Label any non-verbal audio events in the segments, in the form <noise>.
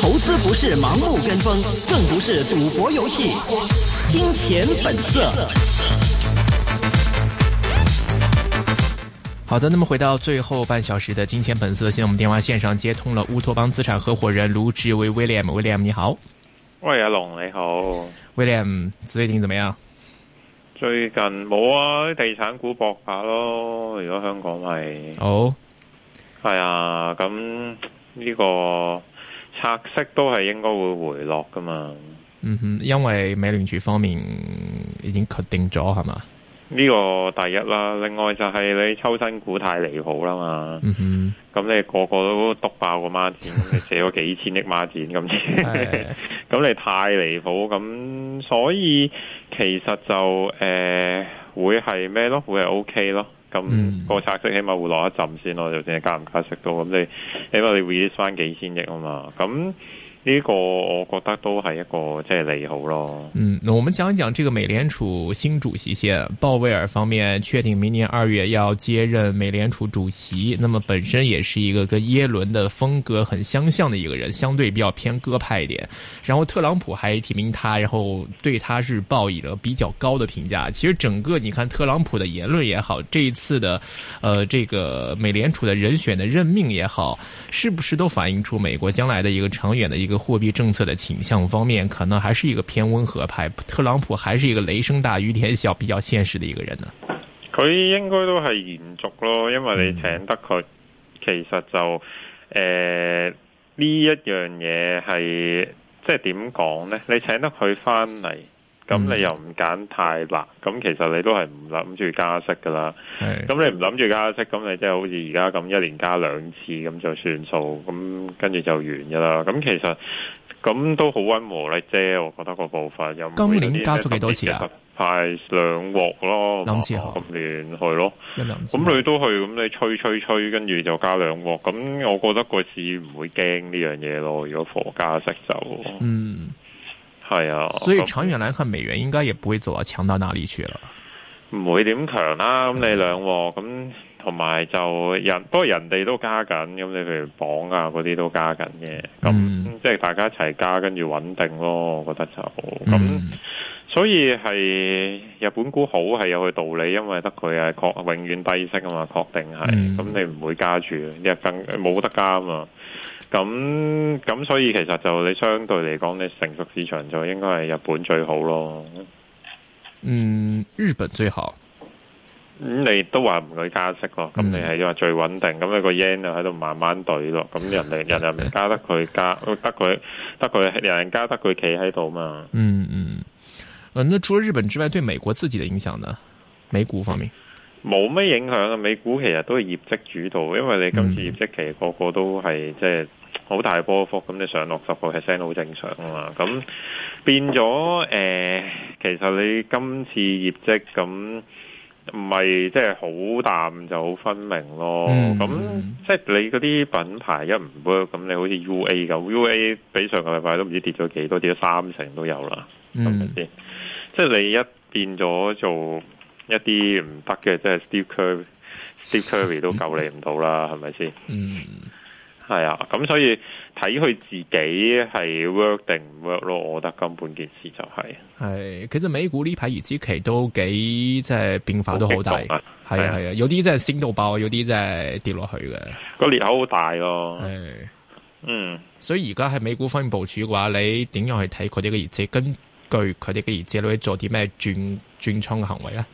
投資不是盲目跟風，更不是賭博遊戲。金錢本色。好的，那麼回到最後半小時的金錢本色，現在我們電話線上接通了烏托邦資產合夥人盧志威 William，William 你好。喂，阿龍你好。William 最近點樣？最近冇啊，啲地產股博下咯。如果香港係好。係啊，咁呢個拆息都係應該會回落噶嘛。嗯哼，因為美聯儲方面已經確定咗係嘛。呢個第一啦，另外就係你抽新股太離譜啦嘛。嗯哼，咁你個個都督爆個孖展， <laughs> 你借咗幾千億孖展咁，咁 <laughs> <laughs> 你太離譜，咁所以其實就誒、呃、會係咩、okay、咯？會係 O K 咯？咁個拆息起碼會落一陣先咯，就算係加唔加息都，咁你起碼你 r e l 翻幾千億啊嘛，咁。 <noise> <noise> 呢個我覺得都係一個即係利好咯。嗯，那我們講一講這個美聯儲新主席先，鮑威爾方面確定明年二月要接任美聯儲主席，那麼本身也是一個跟耶倫的風格很相像的一個人，相對比較偏鴿派一點。然後特朗普還提名他，然後對他是報以了比較高的評價。其實整個你看特朗普的言論也好，這一次的，呃，這個美聯儲的人選的任命也好，是不是都反映出美國將來的一個長遠的一個？貨幣政策的傾向方面，可能還是一個偏溫和派。特朗普還是一個雷聲大雨點小，比較現實的一個人呢。佢應該都係延續咯，因為你請得佢，嗯，其實就誒呢，呃，一樣嘢，係即係點講咧？你請得佢翻嚟。咁你又唔揀太辣，咁其實你都係唔諗住加息噶啦。咁你唔諗住加息，咁你即係好似而家咁一年加兩次咁就算數，咁跟住就完噶啦。咁其實咁都好温和咧，即係我覺得個步伐又今年加咗幾多次啊？派兩鑊咯，今年去咯，咁你都去，咁你吹吹吹，跟住就加兩鑊。咁我覺得個市唔會驚呢樣嘢咯，如果逢加息就。係啊，所以長遠嚟看，美元應該也不會走到強到哪裏去了。唔、嗯、會點強啦，咁你兩、啊，咁同埋就人，不過人哋都加緊，咁你譬如磅啊嗰啲都加緊嘅，咁、嗯、即係大家一齊加，跟住穩定咯，我覺得就咁、嗯。所以係日本股好係有佢道理，因為得佢係確永遠低息啊嘛，確定係，咁、嗯、你唔會加住，日更冇得加啊嘛。咁咁所以其實就你相對嚟講，你成熟市場就應該係日本最好咯。嗯，日本最好。咁、嗯、你都話唔去加息咯？咁、嗯、你係話最穩定。咁你個 yen 就喺度慢慢兌咯。咁人哋人又咪加得佢加，得佢得佢係人加得佢企喺度嘛？嗯嗯。啊，那除咗日本之外，對美國自己嘅影響呢？美股方面冇咩影響啊。美股其實都係業績主導，因為你今次業績期個個都係即係。嗯好大波幅，咁你上六十個 percent 好正常啊嘛。咁變咗，誒、呃，其實你今次業績咁唔係即係好淡就好分明咯。咁、嗯、那即係你嗰啲品牌一唔 work，咁你好似 UA 咁、嗯、，UA 比上個禮拜都唔知跌咗幾多，跌咗三成都有啦，係咪先？吧即係你一變咗做一啲唔得嘅，即係 Steve Curry，Steve、嗯、Curry 都救你唔到啦，係咪先？嗯係啊，咁、嗯、所以睇佢自己係 work 定唔 work 咯。我覺得根本件事就係、是、係其實美股呢排業績期都幾即係變化都好大，係啊係啊，啊，啊，有啲真係升到爆，有啲真係跌落去嘅、嗯、個裂口好大咯。係、啊啊、嗯，所以而家喺美股方面部署嘅話，你點樣去睇佢哋嘅業績？根據佢哋嘅業績，你做啲咩轉轉倉嘅行為咧？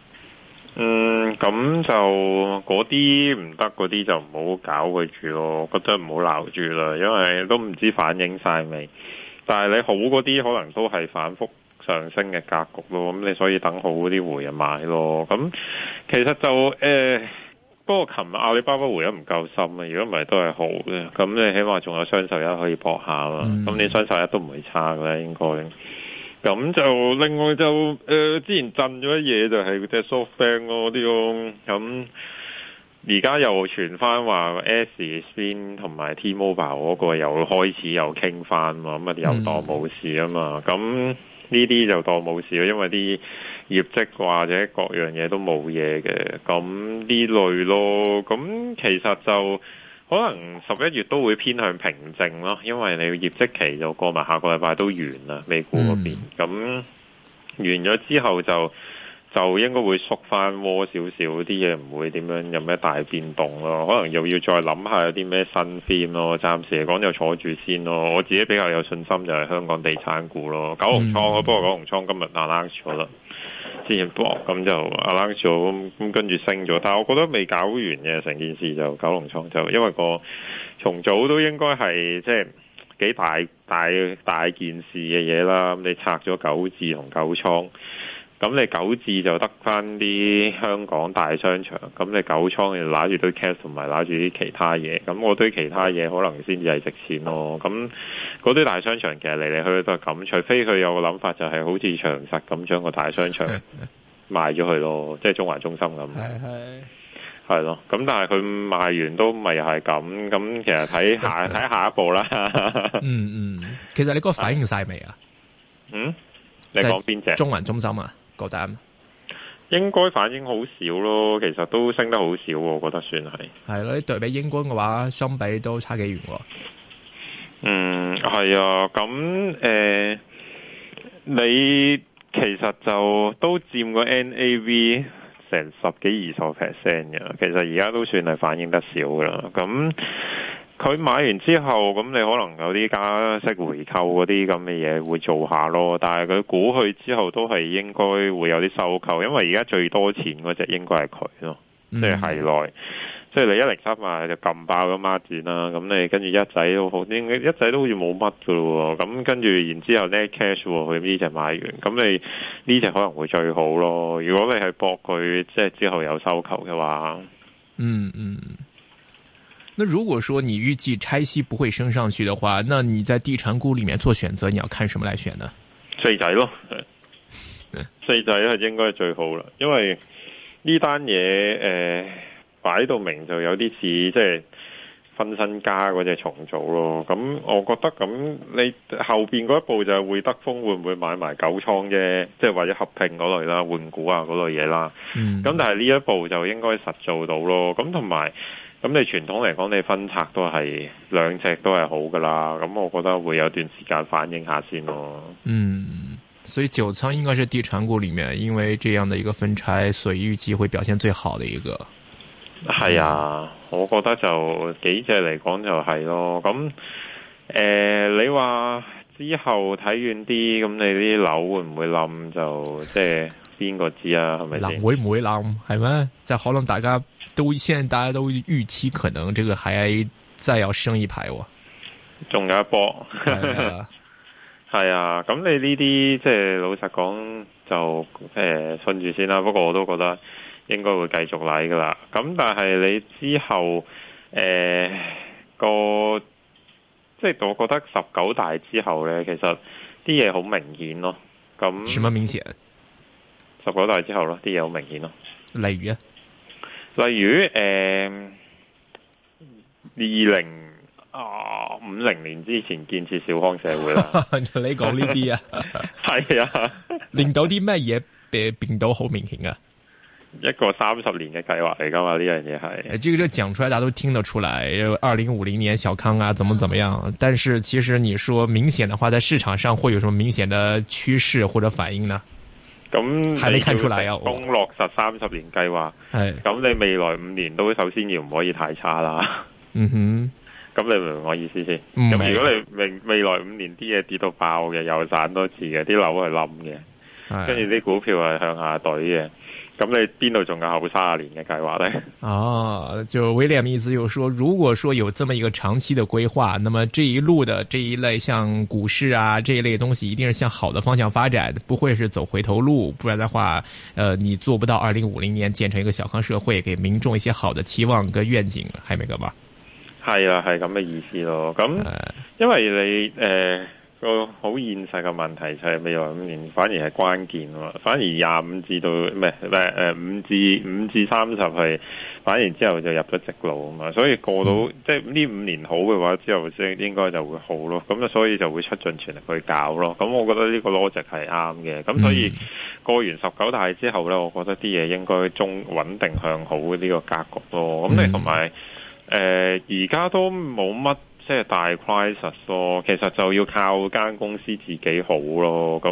嗯，咁就嗰啲唔得嗰啲就唔好搞佢住咯，覺得唔好鬧住啦，因為都唔知反映晒未。但係你好嗰啲可能都係反覆上升嘅格局咯，咁你所以等好嗰啲回啊買咯。咁其實就誒、呃，不過琴日阿里巴巴回得唔夠深啊，如果唔係都係好嘅，咁你起碼仲有雙十一可以搏下啦。咁你雙十一都唔會差嘅應該。咁就另外就，誒、呃，之前震咗嘢就係隻 Softbank 咯，呢個，咁而家又傳翻話個 S spin 同埋 T-Mobile 嗰、那個又開始又傾翻嘛，咁啊又當冇事啊嘛，咁呢啲就當冇事咯，因為啲業績或者各樣嘢都冇嘢嘅，咁呢類咯，咁其實就。可能十一月都會偏向平靜咯，因為你業績期就過埋下個禮拜都完啦，美股嗰邊咁完咗之後就就應該會縮翻窩少少，啲嘢唔會點樣有咩大變動咯。可能又要再諗下有啲咩新鮮咯，暫時嚟講就坐住先咯。我自己比較有信心就係香港地產股咯，九龍倉，嗯、不過九龍倉今日硬拉錯啦。之前跌咁就啊冷少咁跟住升咗，但係我覺得未搞完嘅，成件事就九龍倉就因為個重組都應該係即係幾大大大件事嘅嘢啦，咁你拆咗九字同九倉。咁你九字就得翻啲香港大商場，咁你九倉嘅拿住堆 cash 同埋拿住啲其他嘢，咁我堆其他嘢可能先至係值錢咯。咁嗰啲大商場其實嚟嚟去去都係咁，除非佢有個諗法，就係好似長實咁將個大商場賣咗佢咯，即係中環中心咁。係係係咯。咁但係佢賣完都咪係咁。咁其實睇下睇下一步啦。 <laughs> 嗯嗯，其實你嗰個反應晒未啊？嗯？你講邊隻？中環中心啊？個蛋，膽應該反應好少咯。其實都升得好少，我覺得算係係咯。對比英軍嘅話，相比都差幾遠喎。嗯，係啊。咁誒、呃，你其實就都佔個 NAV 成十幾二十 percent 嘅。其實而家都算係反應得少㗎啦。咁。佢買完之後，咁你可能有啲加息回購嗰啲咁嘅嘢會做下咯。但係佢估佢之後都係應該會有啲收購，因為而家最多錢嗰隻應該係佢咯，嗯嗯即係係內。即係你一零三萬就撳爆咗孖展啦。咁你跟住一仔都好，一仔都好似冇乜噶咯。咁跟住然之後咧 net cash 佢呢隻買完，咁你呢隻可能會最好咯。如果你係博佢即係之後有收購嘅話，嗯嗯。那如果說你預計拆息不會升上去的話，那你在地產股裏面做選擇，你要看什麼來選呢？四仔咯，四仔係應該最好啦，因為呢單嘢誒擺到明就有啲似，即係分身家嗰隻重組咯。咁、嗯、我覺得咁你後邊嗰一步就係會德豐會唔會買埋九倉啫，即係或者合併嗰類啦、換股啊嗰類嘢啦。咁、嗯、但係呢一步就應該實做到咯。咁同埋。咁你傳統嚟講，你分拆都係兩隻都係好噶啦。咁我覺得會有段時間反映下先咯。嗯，所以九倉應該是地產股裏面，因為這樣的一個分拆，所以預計會表現最好的一個。係啊，嗯、我覺得就幾隻嚟講就係咯。咁、嗯、誒、嗯，你話之後睇遠啲，咁你啲樓會唔會冧就即係？就是嗯邊個知啊？係咪？會唔會冧？係咩？就可能大家都現在大家都預期可能這個還再要升一排喎，仲有一波。係啊，咁你呢啲即係老實講就誒信住先啦。不過我都覺得應該會繼續嚟噶啦。咁但係你之後誒、呃那個即係我覺得十九大之後咧，其實啲嘢好明顯咯。咁什麼明顯？十九代之後咯，啲嘢好明顯咯。例如啊，例如誒，二零啊五零年之前建設小康社會啦。 <laughs> 你講呢啲啊，係啊，令到啲咩嘢變變到好明顯噶？一個三十年嘅計劃嚟噶嘛？呢樣嘢係，誒，這個就講出來，大家都聽得出來。二零五零年小康啊，怎麼怎麼樣？但是其實你說明顯嘅話，在市場上會有什麼明顯嘅趨勢或者反應呢？咁你要成功落實三十年計劃，係咁的你未來五年都首先要唔可以太差啦。嗯哼，咁你明唔明我意思先？咁、嗯、如果你未未來五年啲嘢跌到爆嘅，又斬多次嘅，啲樓係冧嘅，跟住啲股票係向下懟嘅。咁你邊度仲有後三十年嘅計劃呢？哦、啊，就威廉意思又說，如果說有這麼一個長期的規劃，那麼這一路的這一類像股市啊，這一類東西，一定是向好的方向發展，不會是走回頭路，不然的話，呃、你做不到二零五零年建成一個小康社會，給民眾一些好的期望跟願景，係咪咁話？係啊，係咁嘅意思咯。咁，因為你，誒、呃。個好現實嘅問題就係未來五年反而係關鍵啊嘛，反而廿五至到唔係誒五至五至三十係，反而之後就入咗直路啊嘛，所以過到、嗯、即係呢五年好嘅話之後，即係應該就會好咯。咁啊，所以就會出盡全力去搞咯。咁我覺得呢個 logic 係啱嘅。咁所以過完十九大之後呢，我覺得啲嘢應該中穩定向好呢個格局咯。咁你同埋誒而家都冇乜。即係大 crisis 咯，其實就要靠間公司自己好咯。咁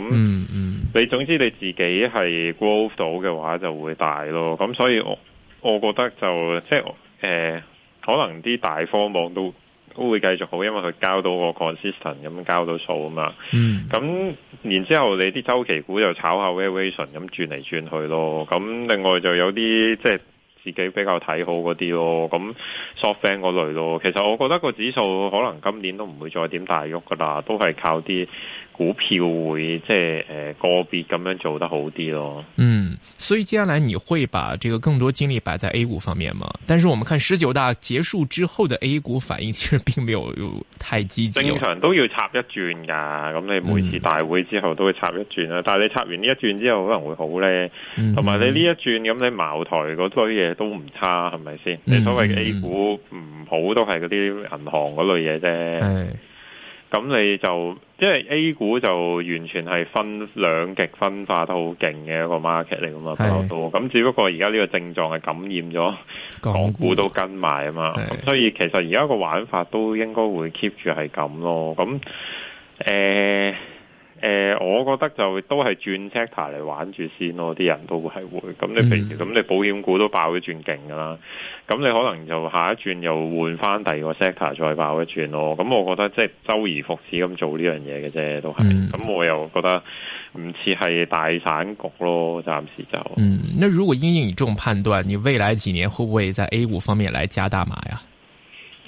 你總之你自己係 growth 到嘅話就會大咯。咁所以我我覺得就即係誒、呃，可能啲大科網都都會繼續好，因為佢交到個 consistent 咁交到數啊嘛。咁、嗯、然之後你啲周期股又炒下 valuation 咁轉嚟轉去咯。咁另外就有啲即係。自己比較睇好嗰啲咯，咁 soften f 嗰類咯。其實我覺得個指數可能今年都唔會再點大喐噶啦，都係靠啲股票會即係誒個別咁樣做得好啲咯。嗯，所以接下來你會把這個更多精力擺在 A 股方面嗎？但是我們看十九大結束之後的 A 股反應，其實並沒有太積極。正常都要插一轉噶，咁你每次大會之後都會插一轉啦。嗯、但係你插完呢一轉之後可能會好呢，同埋、嗯、哼你呢一轉咁你茅台嗰堆嘢。都唔差，係咪先？你所謂嘅 A 股唔好都係嗰啲銀行嗰類嘢啫。咁的你就，因為 A 股就完全係分兩極分化得好勁嘅一個 market 嚟㗎嘛，比較多。咁的只不過而家呢個症狀係感染咗港，股港股都跟埋啊嘛，咁的所以其實而家個玩法都應該會 keep 住係咁咯。咁誒。呃誒、呃，我覺得就都係轉 sector 嚟玩住先咯，啲人都係會咁你譬如，咁、嗯、你保險股都爆咗轉勁噶啦，咁你可能就下一轉又換翻第二個 sector 再爆一轉咯，咁我覺得即係周而復始咁做呢樣嘢嘅啫，都係，咁、嗯、我又覺得唔似係大散局咯，暫時就嗯，如果因應你重判斷，你未來幾年會唔會在 A 股方面來加大碼呀？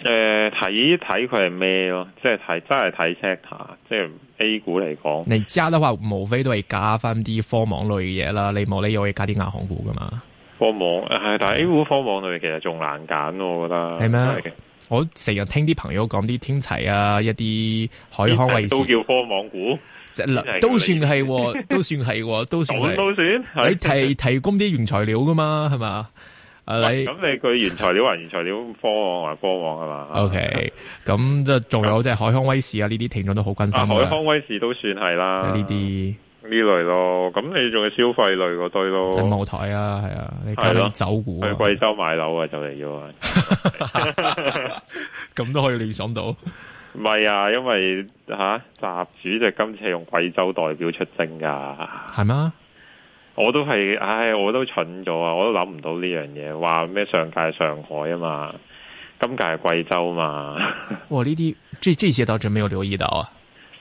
誒，睇睇佢係咩咯？即係睇，真係睇 Check 下。即係 A 股嚟講，你揸得話，無非都係加翻啲科網類嘅嘢啦。你冇理由，你可以加啲銀行股噶嘛？科網係，但係 A 股科網類其實仲難揀，我覺得。係咩嗎？的我成日聽啲朋友講啲天齊啊，一啲海康衛都叫科網股，是哪都算係，都算係， <laughs> 都算都算係。你提 <laughs> 提供啲原材料噶嘛？係嘛？咁你佢原材料啊，原材料科網啊，科網係嘛？OK，咁即係仲有即係海康威視啊，呢啲聽眾都好關心。海康威視都算係啦，呢啲呢類咯。咁你仲要消費類嗰堆咯？茅台啊，係啊，你走，啊啊，去貴州買樓啊，就嚟嘅啊。咁都可以聯想到，唔係啊，因為習，啊，主席就今次係用貴州代表出征噶，係嗎？我都係，唉，我都蠢咗啊！我都諗唔到呢樣嘢，話咩上屆上海啊嘛，今屆係貴州嘛。 <laughs> 哇！呢啲，即係到真係冇留意到啊。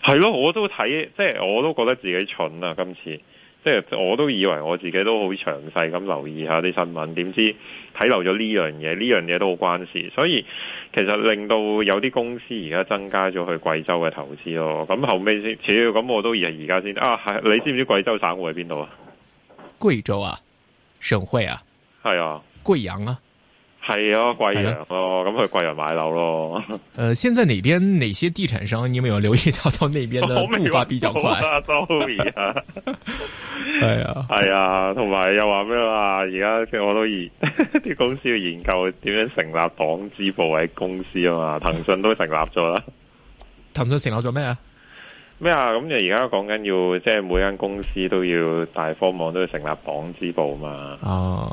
係咯，我都睇，即係我都覺得自己蠢啊。今次，即係我都以為我自己都好詳細咁留意下啲新聞，點知睇漏咗呢樣嘢？呢樣嘢都好關事，所以其實令到有啲公司而家增加咗去貴州嘅投資咯。咁後尾，先，主要咁我都而係而家先啊。你知唔知貴州省會喺邊度啊？貴州啊，省會啊，係啊，啊，啊，貴陽啊，係啊，貴陽哦，咁去貴陽買樓咯。誒、呃，現在哪邊哪些，地產商，你有冇留意到到那邊的步伐比較快 sorry 啊，係 <laughs> 啊，係 <laughs> 啊，同埋又話咩話？而家我都啲公司要研究點樣成立黨支部喺公司啊嘛，騰訊都成立咗啦。騰訊成立咗咩啊？咩啊？咁你而家講緊要，即係每間公司都要大科網都要成立黨支部嘛？哦，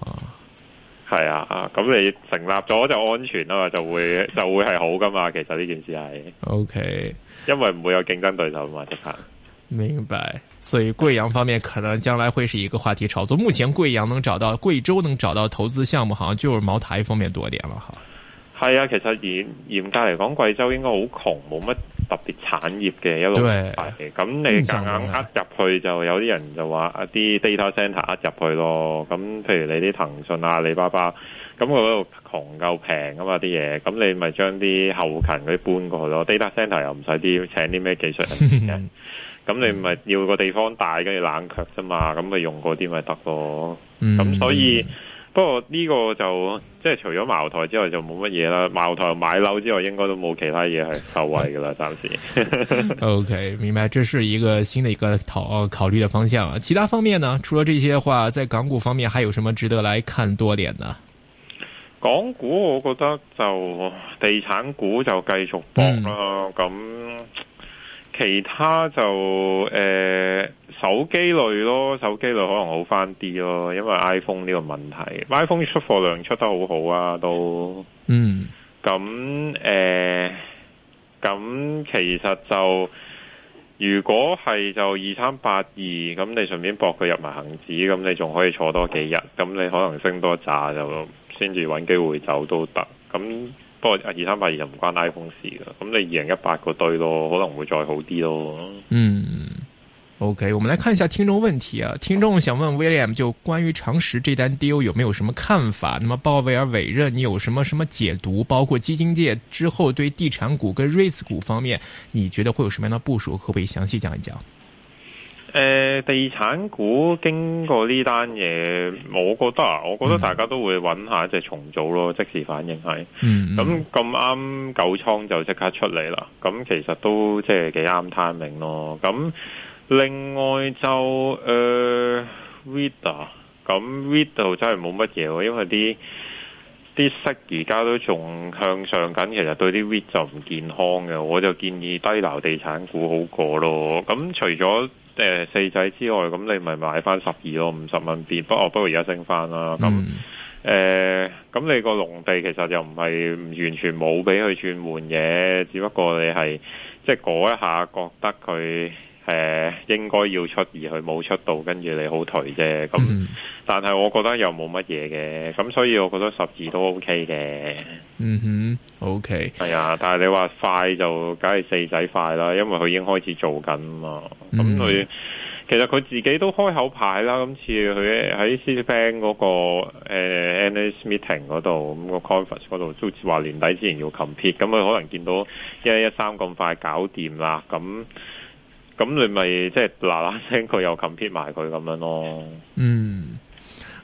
係啊，啊，咁你成立咗就安全啦嘛，就會就會係好噶嘛。其實呢件事係，OK，因為唔會有競爭對手嘛，直行。明白，所以貴陽方面可能將來會是一個話題炒作。目前貴陽能找到貴州能找到投資項目，好像就是茅台方面多點了，哈。係啊，其實嚴嚴格嚟講，貴州應該好窮，冇乜特別產業嘅一路嚟。咁、就是、你硬硬呃入去就，就有啲人就話一啲 data center 呃入去咯。咁譬如你啲騰訊啊、阿里巴巴，咁佢嗰度窮夠平啊嘛啲嘢，咁你咪將啲後勤嗰啲搬過去咯。 <laughs> data center 又唔使啲請啲咩技術人士嘅。咁 <laughs> 你咪要個地方大，跟住冷卻啫嘛。咁咪用嗰啲咪得咯。咁 <laughs> 所以。不過呢個就即係除咗茅台之外就冇乜嘢啦，茅台買樓之外應該都冇其他嘢係受惠噶啦，暫時。 <laughs> o、okay, K，明白，這是一個新的一個考考慮嘅方向。其他方面呢？除咗這些話，在港股方面還有什麼值得來看多點呢？港股我覺得就地產股就繼續搏啦，咁、嗯。其他就誒、呃、手機類，咯，手機類可能好翻啲咯，因為 iPhone 呢個問題，iPhone 出貨量出得好好啊，都嗯咁誒咁其實就如果係就二三八二，咁你順便博佢入埋恆指，咁你仲可以坐多幾日，咁你可能升多一扎就先至揾機會走都得咁。不過二三八二就唔關 iPhone 事嘅，咁你二零一八個對咯，可能會再好啲咯。嗯，OK，我們來看一下聽眾問題啊。聽眾想問 William 就關於長實這單 deal 有沒有什麼看法？那麼鮑威爾委任你有什麼什麼解讀？包括基金界之後對地產股跟 REIT 股方面，你覺得會有什麼樣的部署？可唔可以詳細講一講？誒、呃，地產股經過呢單嘢，我覺得啊，我覺得大家都會揾下一隻重組咯，即時反應係，咁咁啱九倉就即刻出嚟啦。咁其實都即係幾啱 timing 咯。咁另外就誒，read、呃、啊，咁 read 度真係冇乜嘢，因為啲啲息而家都仲向上緊，其實對啲 read 就唔健康嘅。我就建議低樓地產股好過咯。咁除咗即係、呃、四仔之外，咁、嗯、你咪買翻十二咯，五十蚊邊。不過不過而家升翻啦。咁誒、嗯，咁、呃、你個農地其實又唔係完全冇俾佢轉換嘅，只不過你係即係嗰一下覺得佢。誒、呃、應該要出而佢冇出到，跟住你好頹啫。咁、mm hmm. 但係我覺得又冇乜嘢嘅。咁所以我覺得十字都 OK 嘅。嗯哼、mm hmm.，OK 係啊、哎。但係你話快就梗係四仔快啦，因為佢已經開始做緊嘛。咁佢、mm hmm. 其實佢自己都開口牌啦。今次佢喺 CSPAN 嗰個、呃、NS meeting 嗰度，咁、那個 Conference 嗰度都話年底之前要 complete。咁佢可能見到一一三咁快搞掂啦。咁咁你咪即係嗱嗱聲，佢又冚 pit 埋佢咁樣咯。嗯。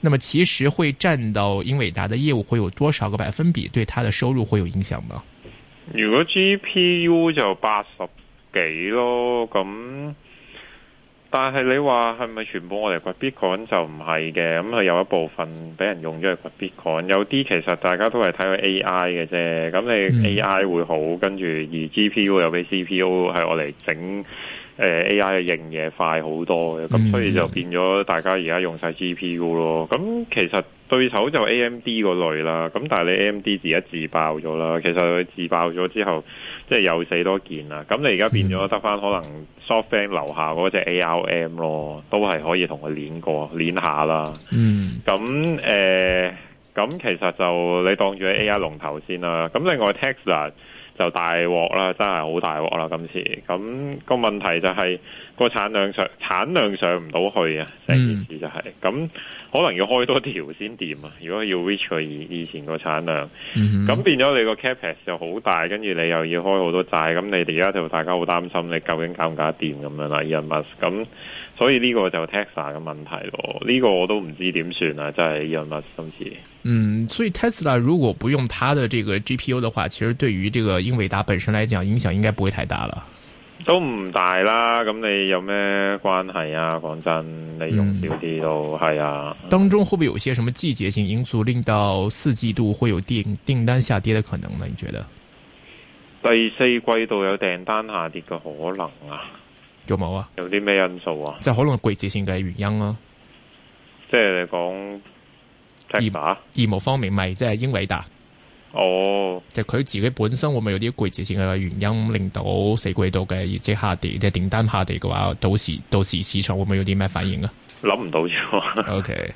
那麼其實會佔到英偉達的業務會有多少個百分比？對他的收入會有影響嗎？如果 GPU 就八十幾咯，咁但係你話係咪全部我哋掘 Bitcoin 就唔係嘅？咁佢有一部分俾人用咗去掘 Bitcoin，有啲其實大家都係睇佢 AI 嘅啫。咁你 AI 會好，跟住而 GPU 又俾 CPU 係我哋整。誒 AI 嘅認嘢快好多嘅，咁、mm hmm。所以就變咗大家而家用晒 GPU 咯。咁其實對手就 AMD 嗰類啦。咁但係你 AMD 自己自爆咗啦。其實佢自爆咗之後，即係有死多件啦。咁你而家變咗得返可能 SoftBank 留下嗰隻 ARM 咯，都係可以同佢練過練下啦。嗯、mm。咁、hmm。誒，咁、呃、其實就你當住 AI 龍頭先啦。咁另外 Tesla。就大鑊啦，真係好大鑊啦！今次咁個問題就係。個產量上產量上唔到去啊，成件事就係、是、咁，嗯、可能要開多條先掂啊。如果要 reach 佢以前個產量，咁、嗯、哼變咗你個 capex 又好大，跟住你又要開好多債，咁你哋而家就大家好擔心，你究竟搞唔搞得掂咁樣啦、啊、？Must 咁，所以呢個就 Tesla 嘅問題咯。呢、這個我都唔知點算啊，真係 Must 今次。嗯，所以 Tesla 如果不用它的這個 GPU 的話，其實對於這個英偉達本身來講，影響應該不會太大啦。都唔大啦，咁你有咩關係啊？講真，你用少啲都係、嗯、啊。當中會唔會有些什麼季節性因素令到四季度會有訂訂單下跌嘅可能呢、啊？你覺得？第四季度有訂單下跌嘅可能啊？有冇啊？有啲咩因素啊？即係可能季節性嘅原因咯、啊。即係你講，業務業方面咪即係英偉達。哦，就佢自己本身會唔會有啲季節性嘅原因，令到四季度嘅業績下跌，即係訂單下跌嘅話，到時到時市場會唔會有啲咩反應啊？諗唔到啫，OK，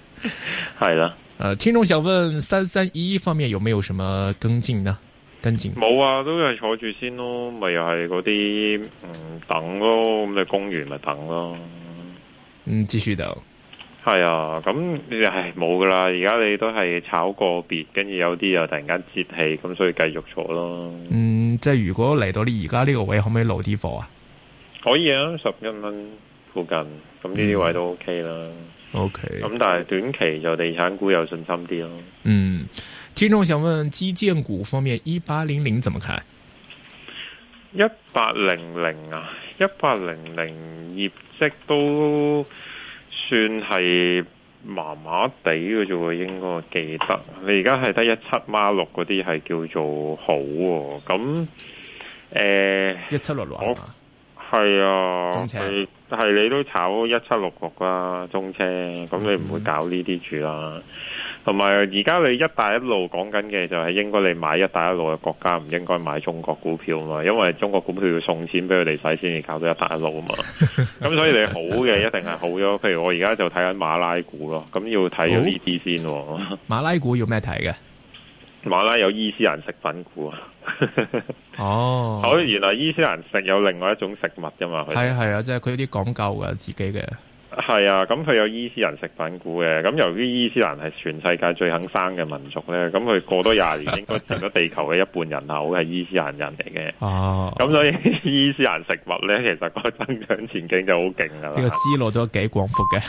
係啦，誒，聽眾想問三三一方面有冇有什麼跟進呢？跟進冇啊，都係坐住先咯，咪又係嗰啲嗯等咯，咁你公園咪等咯，就等咯嗯，繼續等。係啊，咁係冇噶啦。而家你都係炒個別，跟住有啲又突然間節氣，咁所以繼續坐咯。嗯，即係如果嚟到你而家呢個位，可唔可以撈啲貨啊？可以啊，十一蚊附近，咁呢啲位都 OK 啦。嗯、OK okay。咁但係短期就地產股有信心啲咯。嗯，聽眾想問基建股方面，一八零零怎麼看？一八零零啊，一八零零業績都。算係麻麻地嘅啫喎，我應該記得。你而家係得一七孖六嗰啲係叫做好喎，咁誒一七六六係啊。但係你都炒一七六六啦，中車，咁你唔會搞呢啲住啦。同埋而家你一帶一路講緊嘅就係，應該你買一帶一路嘅國家，唔應該買中國股票嘛。因為中國股票要送錢俾佢哋使先至搞到一帶一路啊嘛。咁 <laughs> 所以你好嘅一定係好咗。譬如我而家就睇緊馬拉股咯，咁要睇咗呢啲先啊。馬拉股要咩睇嘅？冇啦，馬有伊斯蘭食品股啊！哦 <laughs> ，oh. 好，原來伊斯蘭食有另外一種食物噶嘛？係啊係啊，即係佢有啲講究嘅自己嘅。係啊，咁佢有伊斯蘭食品股嘅。咁、嗯、由於伊斯蘭係全世界最肯生嘅民族咧，咁、嗯、佢過多廿年應該佔咗地球嘅一半人口係伊斯蘭人嚟嘅。哦、oh. 嗯，咁所以伊斯蘭食物咧，其實個增長前景就好勁噶啦。呢個思路都幾廣闊嘅。